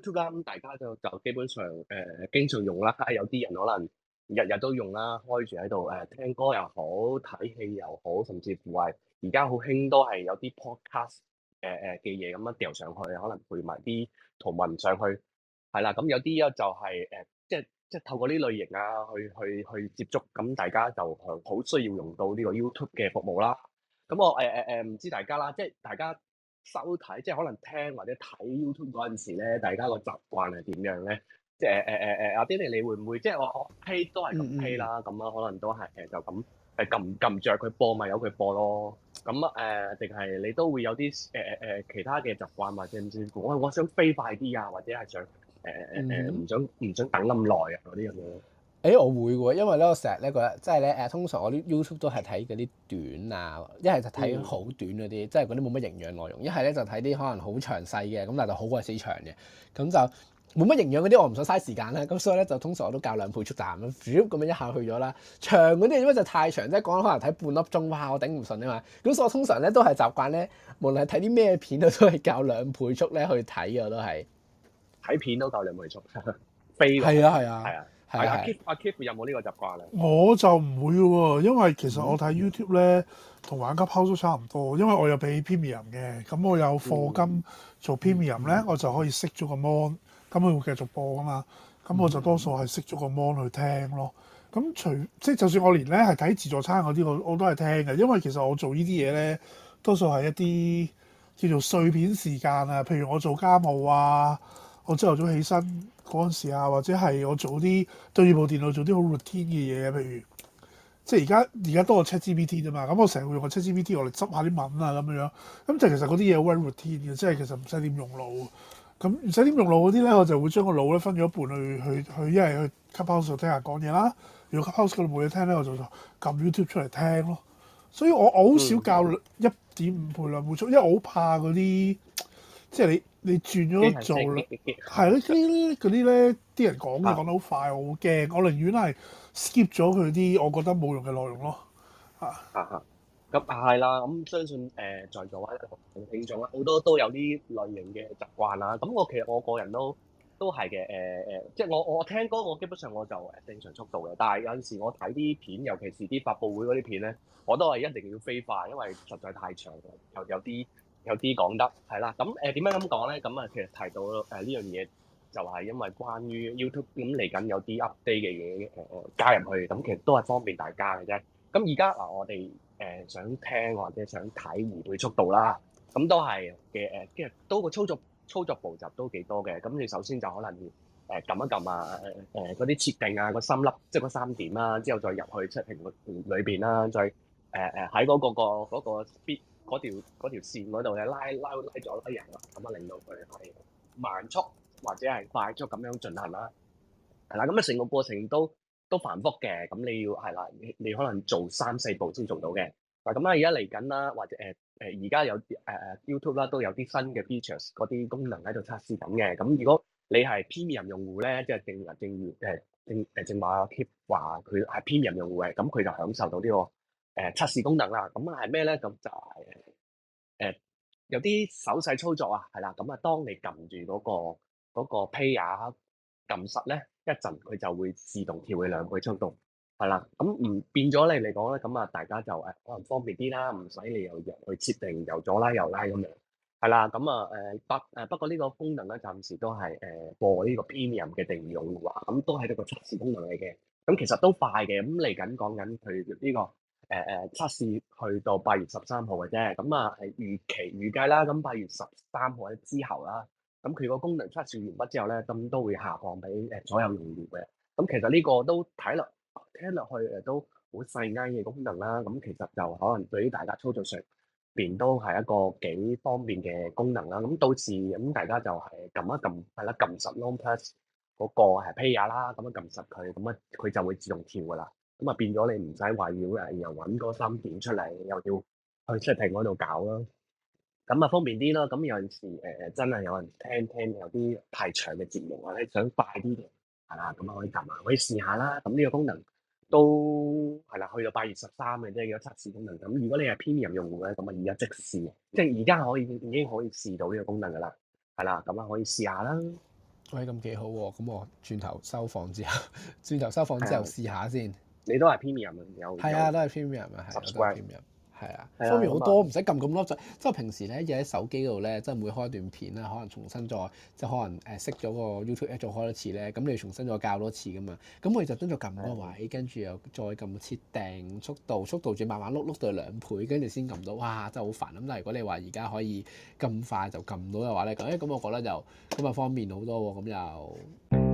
YouTube 啦，咁大家就就基本上誒、呃、經常用啦，有啲人可能日日都用啦，開住喺度誒聽歌又好，睇戲又好，甚至乎而家好興都係有啲 Podcast 誒誒嘅嘢咁樣掉上去，可能配埋啲圖文上去，係啦，咁有啲咧就係、是、誒、呃、即係即係透過呢類型啊去去去接觸，咁大家就好需要用到呢個 YouTube 嘅服務啦。咁我誒誒誒唔知大家啦，即係大家。收睇即係可能聽或者睇 YouTube 嗰陣時咧，大家個習慣係點樣咧？即係誒誒誒阿 Denny 你會唔會即係我我批都係咁批啦？咁啊、嗯嗯、可能都係誒就咁誒撳撳着佢播咪由佢播咯？咁誒定係你都會有啲誒誒誒其他嘅習慣或者唔知我我想飛快啲啊，或者係想誒誒誒唔想唔想等咁耐啊嗰啲咁樣。誒我會喎，因為咧我成日咧覺得，即係咧誒，通常我啲 YouTube 都係睇嗰啲短啊，一係就睇好短嗰啲，嗯、即係嗰啲冇乜營養內容；一係咧就睇啲可能好詳細嘅，咁但係就好鬼死長嘅，咁就冇乜營養嗰啲，我唔想嘥時間啦。咁所以咧就通常我都校兩倍速睇啦，咁樣一下去咗啦。長嗰啲因為就太長，即係講可能睇半粒鐘哇，我頂唔順啊嘛。咁所以我通常咧都係習慣咧，無論係睇啲咩片都都係校兩倍速咧去睇，我都係睇片都校兩倍速哈哈飛，係啊係啊係啊！係啊，阿阿 Kip 有冇呢個習慣咧？我就唔會喎，因為其實我睇 YouTube 咧，同玩級 Podcast 都差唔多。因為我有俾 Premium 嘅，咁我有課金做 Premium 咧，嗯嗯、我就可以熄咗個 mon，咁佢會繼續播噶嘛。咁我就多數係熄咗個 mon 去聽咯。咁除即係就算我連咧係睇自助餐嗰啲，我我都係聽嘅，因為其實我做呢啲嘢咧，多數係一啲叫做碎片時間啊，譬如我做家務啊。我朝頭早起身嗰陣時啊，或者係我做啲對住部電腦做啲好 routine 嘅嘢，譬如即係而家而家多個 ChatGPT 啫嘛，咁、嗯、我成日會用個 ChatGPT 我嚟執下啲文啊咁樣樣，咁、嗯、就其實嗰啲嘢好 e r routine 嘅，即係其實唔使點用腦。咁唔使點用腦嗰啲咧，我就會將個腦咧分咗一半去去去一係去 Clubhouse 個聽下講嘢啦，如果 Clubhouse 度冇嘢聽咧，我就撳 YouTube 出嚟聽咯。所以我我好少較一點五倍兩倍速，因為我好怕嗰啲即係你。你轉咗做啦，係咯啲嗰啲咧，啲人講嘢講得好快，我好驚。我寧願係 skip 咗佢啲我覺得冇用嘅內容咯。嚇嚇，咁係啦。咁相信誒、呃、在座嘅同聽眾啦，好多都有啲類型嘅習慣啦。咁我其實我個人都都係嘅。誒、呃、誒，即係我我聽歌，我基本上我就正常速度嘅。但係有陣時我睇啲片，尤其是啲發布會嗰啲片咧，我都係一定要飛快，因為實在太長，有有啲。有有啲講得係啦，咁誒點解咁講咧？咁、嗯、啊、呃嗯，其實提到誒呢樣嘢，呃、就係因為關於 YouTube 咁、嗯、嚟緊有啲 update 嘅嘢誒加入去，咁、嗯、其實都係方便大家嘅啫。咁而家嗱，我哋誒、呃、想聽或者想睇迴迴速度啦，咁、嗯、都係嘅誒，即係、呃、都個操作操作步驟都幾多嘅。咁、嗯、你首先就可能要誒撳一撳啊，誒嗰啲設定啊，個三粒即係嗰三點啦、啊，之後再入去出屏裏邊啦，再誒誒喺嗰個、嗰個嗰、嗰個 speed，嗰條嗰線嗰度咧拉拉拉咗拉人啦，咁啊令到佢慢速或者係快速咁樣進行啦。係啦，咁啊成個過程都都繁複嘅，咁你要係啦，你可能做三四步先做到嘅。嗱，咁啊而家嚟緊啦，或者誒誒而家有誒誒、呃、YouTube 啦，都有啲新嘅 features 嗰啲功能喺度測試緊嘅。咁如果你係 Premium 用戶咧，即、就、係、是、正如正如誒正誒正話 keep 話佢係 Premium 用戶嘅，咁佢就享受到呢、這個。誒，測試、呃、功能啦，咁啊係咩咧？咁就誒、是，誒、呃，有啲手勢操作啊，係啦，咁、嗯、啊，當你撳住嗰、那個嗰、那個 pair 撳實咧，一陣佢就會自動調、嗯、你兩倍速度，係啦，咁唔變咗你嚟講咧，咁啊，大家就誒可能方便啲啦，唔使你又入去設定，又左拉右拉咁樣，係啦，咁、嗯、啊，誒、嗯嗯，不誒、嗯，不過個呢、嗯、個,、嗯、個功能咧，暫時都係誒，播呢個 premium 嘅定用嘅話，咁都係一個測試功能嚟嘅，咁其實都快嘅，咁嚟緊講緊佢呢個。誒誒測試去到八月十三號嘅啫，咁啊係預期預計啦，咁八月十三號之後啦，咁佢個功能測試完畢之後咧，咁都會下降俾誒所有用戶嘅。咁其實呢個都睇落聽落去誒都好細啱嘅功能啦。咁其實就可能對於大家操作上邊都係一個幾方便嘅功能啦。咁到時咁大家就係撳一撳係、er、啦，撳實 long press 嗰個係呸下啦，咁樣撳實佢，咁啊佢就會自動跳噶啦。咁啊，就變咗你唔使話要人又揾個芯片出嚟，又要去出係蘋果度搞咯。咁啊，方便啲咯。咁有陣時誒、呃，真係有人聽聽有啲太長嘅節目啊，咧想快啲嘅係啦，咁啊可以撳下，可以試下啦。咁呢個功能都係啦，去到八月十三日即係有測試功能。咁如果你係 Premium 用戶咧，咁啊而家即試，即係而家可以已經可以試到呢個功能㗎啦。係啦，咁啊可以試下啦。喂，咁幾好喎，啊？咁我轉頭收房之後，轉頭收房之後的試下先。你都係 premium 有係啊，都係 premium 閱啊，係都係 premium，係啊，啊方便好多，唔使撳咁多掣。即係、啊、平時咧，而喺手機度咧，即係每開一段片咧，可能重新再即係可能誒熄咗個 YouTube app 再開一次咧，咁你重新再教多次噶嘛。咁我哋就登咗撳咗位，的跟住又再撳設定速度，速度轉慢慢碌碌到兩倍，跟住先撳到，哇！真係好煩啊。咁但係如果你話而家可以咁快就撳到嘅話咧，咁咁、哎、我覺得就咁啊方便好多喎，咁又。